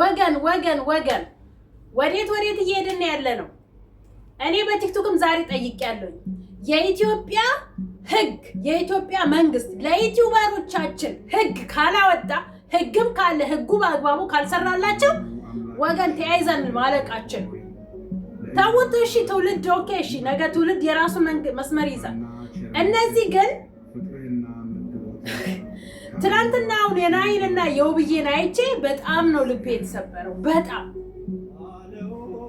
ወገን ወገን ወገን ወዴት ወዴት እየሄድን ያለ ነው? እኔ በቲክቶክም ዛሬ ጠይቄያለሁኝ። የኢትዮጵያ ህግ የኢትዮጵያ መንግስት ለዩቲዩበሮቻችን ህግ ካላወጣ ህግም ካለ ህጉ በአግባቡ ካልሰራላቸው ወገን ተያይዘን ማለቃችን ተውት። እሺ ትውልድ ኦኬ፣ እሺ ነገ ትውልድ የራሱ መስመር ይዛል። እነዚህ ግን ትናንትና አሁን የናይልና የውብዬን አይቼ በጣም ነው ልቤ የተሰበረው። በጣም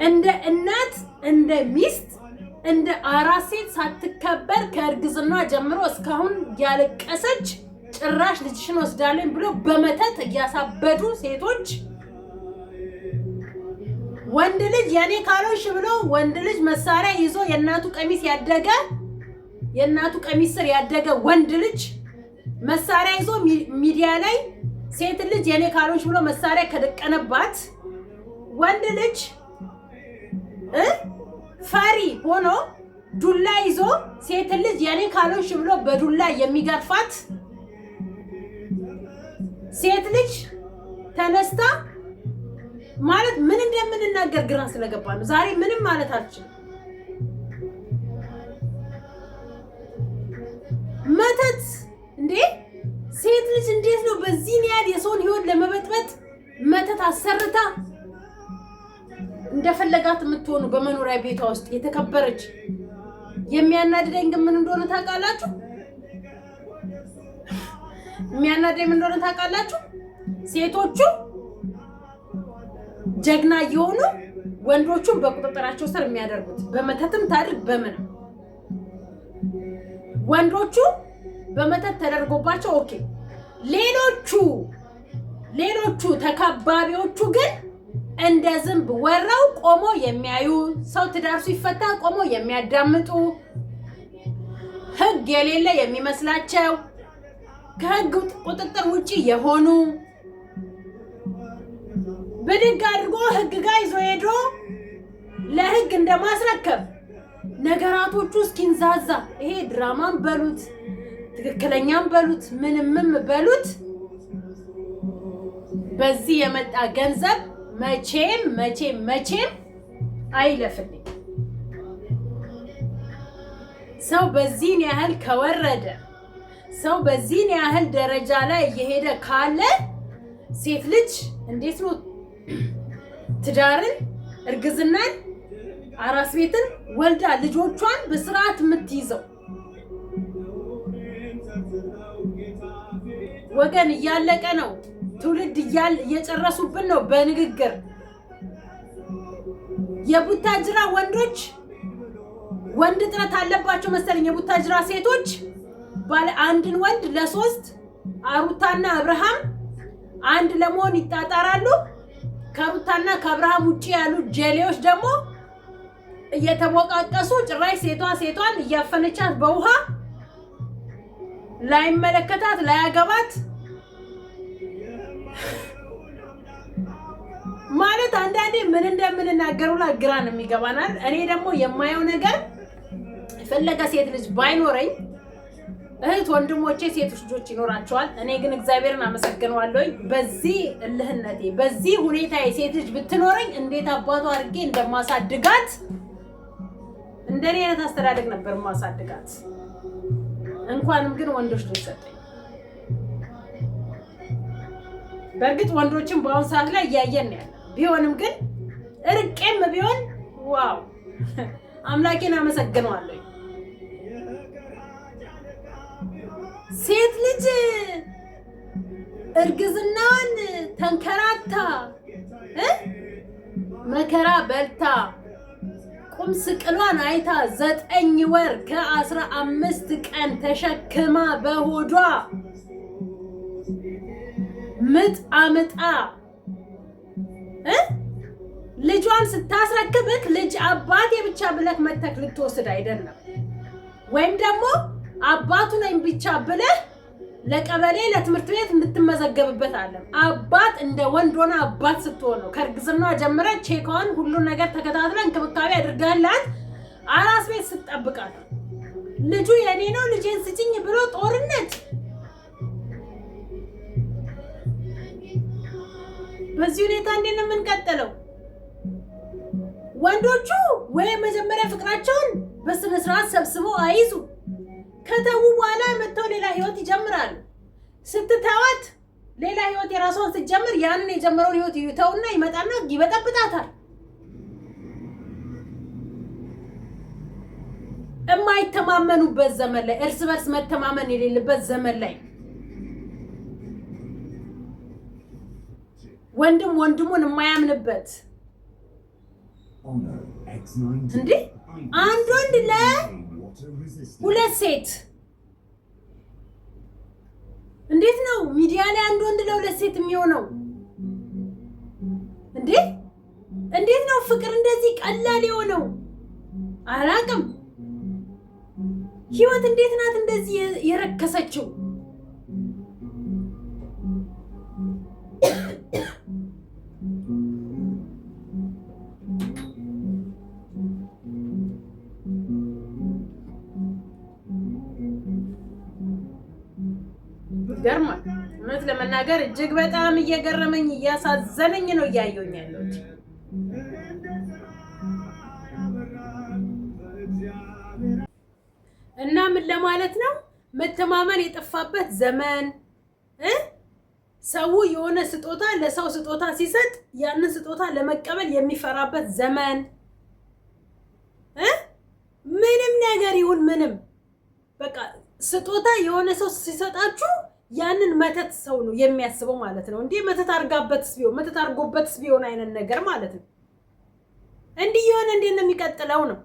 እንደ እናት እንደ ሚስት እንደ አራት ሴት ሳትከበር ከእርግዝና ጀምሮ እስካሁን ያለቀሰች ጭራሽ ልጅሽን ወስዳለኝ ብሎ በመተት እያሳበዱ ሴቶች ወንድ ልጅ የኔ ካሎሽ ብሎ ወንድ ልጅ መሳሪያ ይዞ የእናቱ ቀሚስ ያደገ የእናቱ ቀሚስ ስር ያደገ ወንድ ልጅ መሳሪያ ይዞ ሚዲያ ላይ ሴት ልጅ የኔ ካልሆንሽ ብሎ መሳሪያ ከደቀነባት ወንድ ልጅ ፈሪ ሆኖ ዱላ ይዞ ሴት ልጅ የኔ ካልሆንሽ ብሎ በዱላ የሚገፋት ሴት ልጅ ተነስታ ማለት ምን እንደምንናገር ግራ ስለገባ ነው። ዛሬ ምንም ማለት አልችልም። መተት አሰርታ እንደፈለጋት የምትሆኑ በመኖሪያ ቤቷ ውስጥ የተከበረች። የሚያናድደኝ ግን ምን እንደሆነ ታውቃላችሁ? የሚያናድደኝ ምን እንደሆነ ታውቃላችሁ? ሴቶቹ ጀግና እየሆኑ ወንዶቹን በቁጥጥራቸው ስር የሚያደርጉት በመተትም ታድርግ በምን ወንዶቹ በመተት ተደርጎባቸው ኦኬ ሌሎቹ ሌሎቹ ተከባቢዎቹ ግን እንደ ዝንብ ወረው ቆሞ የሚያዩ ሰው ትዳር ሲፈታ ቆሞ የሚያዳምጡ ህግ የሌለ የሚመስላቸው ከህግ ቁጥጥር ውጪ የሆኑ ብድግ አድርጎ ህግ ጋር ይዞ ሄዶ ለሕግ እንደማስረከብ ነገራቶቹ እስኪንዛዛ ይሄ ድራማም በሉት ትክክለኛም በሉት ምንምም በሉት በዚህ የመጣ ገንዘብ መቼም መቼም መቼም አይለፍልኝ። ሰው በዚህን ያህል ከወረደ ሰው በዚህን ያህል ደረጃ ላይ እየሄደ ካለ ሴት ልጅ እንዴት ነው ትዳርን፣ እርግዝናን፣ አራስ ቤትን ወልዳ ልጆቿን በስርዓት የምትይዘው? ወገን እያለቀ ነው። ትውልድ እያል እየጨረሱብን ነው በንግግር የቡታጅራ ወንዶች ወንድ እጥረት አለባቸው መሰለኝ። የቡታጅራ ሴቶች ባለ አንድን ወንድ ለሶስት አሩታና አብርሃም አንድ ለመሆን ይጣጣራሉ። ከሩታና ከአብርሃም ውጭ ያሉ ጀሌዎች ደግሞ እየተሞቃቀሱ ጭራሽ ሴቷ ሴቷን እያፈነቻት በውሃ ላይመለከታት ላያገባት ማለት አንዳንዴ ምን እንደምንናገር ሁላ ግራን የሚገባናል። እኔ ደግሞ የማየው ነገር የፈለገ ሴት ልጅ ባይኖረኝ እህት ወንድሞቼ ሴቶች ልጆች ይኖራቸዋል። እኔ ግን እግዚአብሔርን አመሰግነዋለሁኝ። በዚህ እልህነቴ፣ በዚህ ሁኔታ የሴት ልጅ ብትኖረኝ እንዴት አባቱ አድርጌ እንደማሳድጋት እንደኔ አይነት አስተዳደግ ነበር ማሳድጋት። እንኳንም ግን ወንዶች ነው ሰጠኝ። በእርግጥ ወንዶችን በአሁኑ ሰዓት ላይ እያየን ነው ቢሆንም ግን እርቄም ቢሆን ዋው አምላኬን አመሰግነዋለሁ። ሴት ልጅ እርግዝናዋን ተንከራታ መከራ በልታ ቁም ስቅሏን አይታ ዘጠኝ ወር ከአስራ አምስት ቀን ተሸክማ በሆዷ ምጥ አምጣ ልጇን ስታስረክብክ ልጅ አባቴ ብቻ ብለህ መተክ ልትወስድ አይደለም። ወይም ደግሞ አባቱ ነኝ ብቻ ብለህ ለቀበሌ ለትምህርት ቤት እንድትመዘገብበት አለም። አባት እንደ ወንድ ሆነ አባት ስትሆን ነው። ከእርግዝና ጀምረ ቼካዋን ሁሉን ነገር ተከታትለ እንክብካቤ አድርጋላት አራስ ቤት ስትጠብቃት ልጁ የኔ ነው ልጄን ስጭኝ ብሎ ጦርነት በዚህ ሁኔታ እንዴት ነው የምንቀጥለው? ወንዶቹ ወይ መጀመሪያ ፍቅራቸውን በስነ ስርዓት ሰብስበው አይዙ ከተዉ በኋላ መጥተው ሌላ ህይወት ይጀምራሉ። ስትተዋት ሌላ ህይወት የራሷን ስትጀምር ያንን የጀመረውን ህይወት ይተውና ይመጣና ይበጠብጣታል። የማይተማመኑበት ዘመን ላይ እርስ በርስ መተማመን የሌለበት ዘመን ላይ ወንድም ወንድሙን የማያምንበት እንዴ! አንድ ወንድ ለሁለት ሴት እንዴት ነው ሚዲያ ላይ አንድ ወንድ ለሁለት ሴት የሚሆነው? እንዴ! እንዴት ነው ፍቅር እንደዚህ ቀላል የሆነው? አላቅም። ህይወት እንዴት ናት እንደዚህ የረከሰችው? ገርሟል። እውነት ለመናገር እጅግ በጣም እየገረመኝ እያሳዘነኝ ነው እያየሁኝ ያለሁት። እና ምን ለማለት ነው መተማመን የጠፋበት ዘመን እ ሰው የሆነ ስጦታ ለሰው ስጦታ ሲሰጥ ያንን ስጦታ ለመቀበል የሚፈራበት ዘመን እ ምንም ነገር ይሁን ምንም በቃ ስጦታ የሆነ ሰው ሲሰጣችሁ ያንን መተት ሰው ነው የሚያስበው ማለት ነው። እንዲህ መተት አርጋበትስ ቢሆን መተት አርጎበትስ ቢሆን አይነት ነገር ማለት ነው። እንዲህ የሆነ እንዴት ነው የሚቀጥለው ነው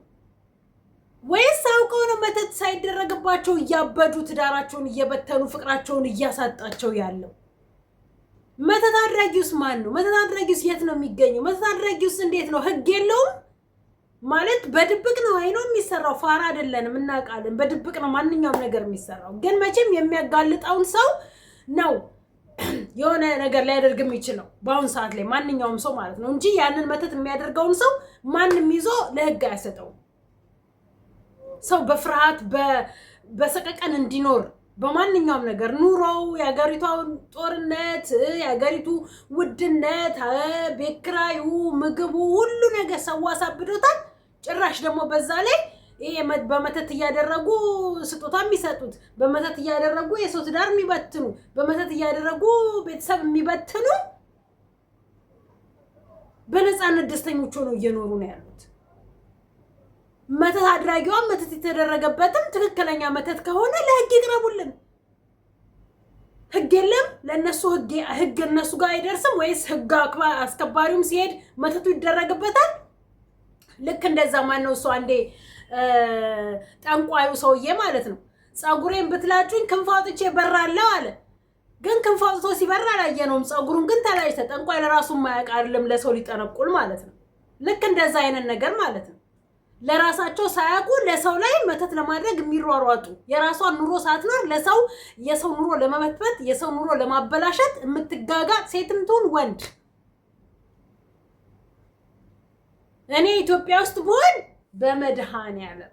ወይስ አውቀው ነው መተት ሳይደረግባቸው እያበዱ ትዳራቸውን እየበተኑ ፍቅራቸውን እያሳጣቸው ያለው? መተት አድራጊውስ ማን ነው? መተት አድራጊውስ የት ነው የሚገኘው? መተት አድራጊውስ እንዴት ነው ህግ የለውም? ማለት በድብቅ ነው አይኖ የሚሰራው። ፋራ አይደለንም፣ እናውቃለን። በድብቅ ነው ማንኛውም ነገር የሚሰራው። ግን መቼም የሚያጋልጠውን ሰው ነው የሆነ ነገር ሊያደርግ የሚችለው በአሁኑ ሰዓት ላይ ማንኛውም ሰው ማለት ነው እንጂ ያንን መተት የሚያደርገውን ሰው ማንም ይዞ ለህግ አያሰጠውም። ሰው በፍርሃት በሰቀቀን እንዲኖር በማንኛውም ነገር ኑሮው፣ የሀገሪቷ ጦርነት፣ የሀገሪቱ ውድነት፣ ቤት ኪራዩ፣ ምግቡ፣ ሁሉ ነገር ሰው አሳብዶታል። ጭራሽ ደግሞ በዛ ላይ ይሄ በመተት እያደረጉ ስጦታ የሚሰጡት በመተት እያደረጉ የሰው ትዳር የሚበትኑ በመተት እያደረጉ ቤተሰብ የሚበትኑ በነፃነት ደስተኞች ሆነው እየኖሩ ነው ያሉት። መተት አድራጊዋ መተት የተደረገበትም ትክክለኛ መተት ከሆነ ለህግ ይቅረቡልን። ህግ የለም ለእነሱ ህግ እነሱ ጋር አይደርስም ወይስ ህግ አስከባሪውም ሲሄድ መተቱ ይደረግበታል? ልክ እንደዛ ማነው እሱ አንዴ ጠንቋዩ ሰውዬ ማለት ነው ፀጉሬን ብትላጩኝ ክንፍ አውጥቼ በራለሁ አለ። ግን ክንፍ አውጥቶ ሲበራ አላየነውም። ፀጉሩን ግን ተላጭተ ጠንቋይ ለራሱ ማያውቅ አይደለም ለሰው ሊጠነቁል ማለት ነው። ልክ እንደዛ አይነት ነገር ማለት ነው። ለራሳቸው ሳያውቁ ለሰው ላይ መተት ለማድረግ የሚሯሯጡ የራሷን ኑሮ ሳትኖር ለሰው የሰው ኑሮ ለመበትበት የሰው ኑሮ ለማበላሸት የምትጋጋ ሴትም ትሁን ወንድ እኔ ኢትዮጵያ ውስጥ ብሆን በመድኃኔዓለም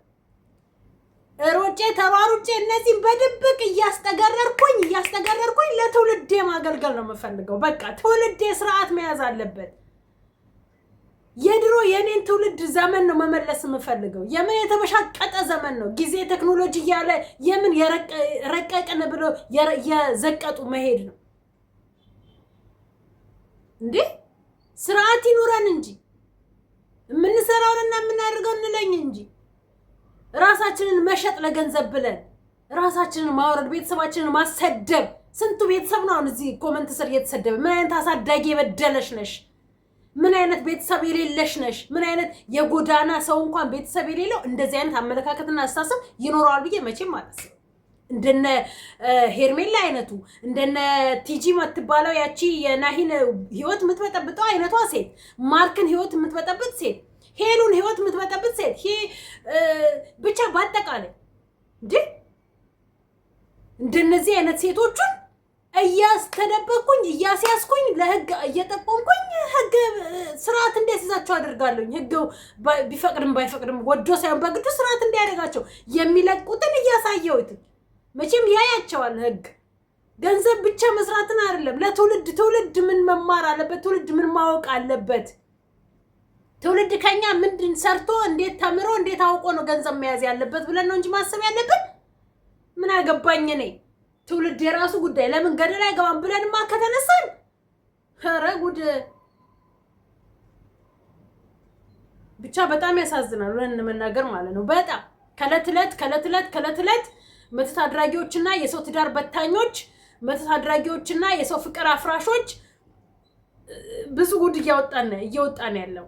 ሮጬ ተሯሩጬ እነዚህም በድብቅ እያስተገረርኩኝ እያስተገረርኩኝ ለትውልዴ ማገልገል ነው የምፈልገው። በቃ ትውልዴ ስርዓት መያዝ አለበት። የድሮ የኔን ትውልድ ዘመን ነው መመለስ የምፈልገው። የምን የተበሻቀጠ ዘመን ነው። ጊዜ ቴክኖሎጂ እያለ የምን ረቀቅን ብሎ የዘቀጡ መሄድ ነው እንዴ? ስርዓት ይኑረን እንጂ የምንሰራውንና የምናደርገው እንለኝ እንጂ ራሳችንን መሸጥ ለገንዘብ ብለን ራሳችንን ማውረድ፣ ቤተሰባችንን ማሰደብ። ስንቱ ቤተሰብ ነው አሁን እዚህ ኮመንት ስር እየተሰደበ። ምን አይነት አሳዳጊ የበደለሽ ነሽ? ምን አይነት ቤተሰብ የሌለሽ ነሽ? ምን አይነት የጎዳና ሰው እንኳን ቤተሰብ የሌለው እንደዚህ አይነት አመለካከትና አስተሳሰብ ይኖረዋል ብዬ መቼም አላስብም። እንደነ ሄርሜላ አይነቱ እንደነ ቲጂ የምትባለው ያቺ የናሂን ህይወት የምትበጠብጠው አይነቷ ሴት፣ ማርክን ህይወት የምትበጠብጥ ሴት፣ ሄሉን ህይወት የምትበጠብጥ ሴት ብቻ በአጠቃላይ እንደ እንደነዚህ አይነት ሴቶቹን እያስተደበኩኝ እያስያዝኩኝ ለህግ እየጠቆምኩኝ ህግ ስርዓት እንዲያስይዛቸው አደርጋለሁኝ። ህግ ቢፈቅድም ባይፈቅድም ወዶ ሳይሆን በግዱ ስርዓት እንዲያደርጋቸው የሚለቁትን እያሳየሁት መቼም ያያቸዋል ህግ። ገንዘብ ብቻ መስራትን አይደለም፣ ለትውልድ ትውልድ ምን መማር አለበት? ትውልድ ምን ማወቅ አለበት? ትውልድ ከኛ ምንድን ሰርቶ እንዴት ተምሮ እንዴት አውቆ ነው ገንዘብ መያዝ ያለበት ብለን ነው እንጂ ማሰብ ያለብን ምን አገባኝ እኔ ትውልድ የራሱ ጉዳይ ለምን ገደል አይገባም ብለንማ ከተነሳን ኧረ ጉድ ብቻ በጣም ያሳዝናል። ብለን መናገር ማለት ነው በጣም ከዕለት ዕለት ከዕለት ዕለት ከዕለት ዕለት መተት አድራጊዎችና የሰው ትዳር በታኞች፣ መተት አድራጊዎችና የሰው ፍቅር አፍራሾች ብዙ ጉድ እያወጣን እየወጣን ያለው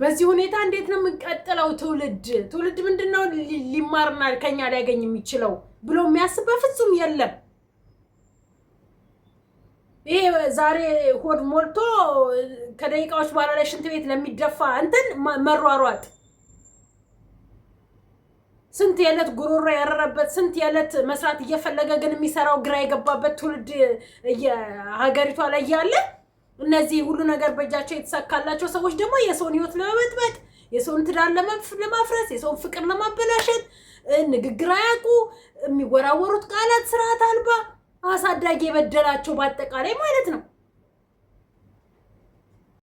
በዚህ ሁኔታ እንዴት ነው የምንቀጥለው? ትውልድ ትውልድ ምንድን ነው ሊማርና ከኛ ሊያገኝ የሚችለው ብሎ የሚያስብ በፍጹም የለም። ይሄ ዛሬ ሆድ ሞልቶ ከደቂቃዎች በኋላ ላይ ሽንት ቤት ለሚደፋ እንትን መሯሯጥ ስንት የዕለት ጉሮሮ ያረረበት ስንት የዕለት መስራት እየፈለገ ግን የሚሰራው ግራ የገባበት ትውልድ ሀገሪቷ ላይ ያለ እነዚህ ሁሉ ነገር በእጃቸው የተሳካላቸው ሰዎች ደግሞ የሰውን ህይወት ለመበጥበጥ የሰውን ትዳር ለማፍረስ የሰውን ፍቅር ለማበላሸት ንግግር አያውቁ የሚወራወሩት ቃላት ስርዓት አልባ አሳዳጊ የበደላቸው በአጠቃላይ ማለት ነው።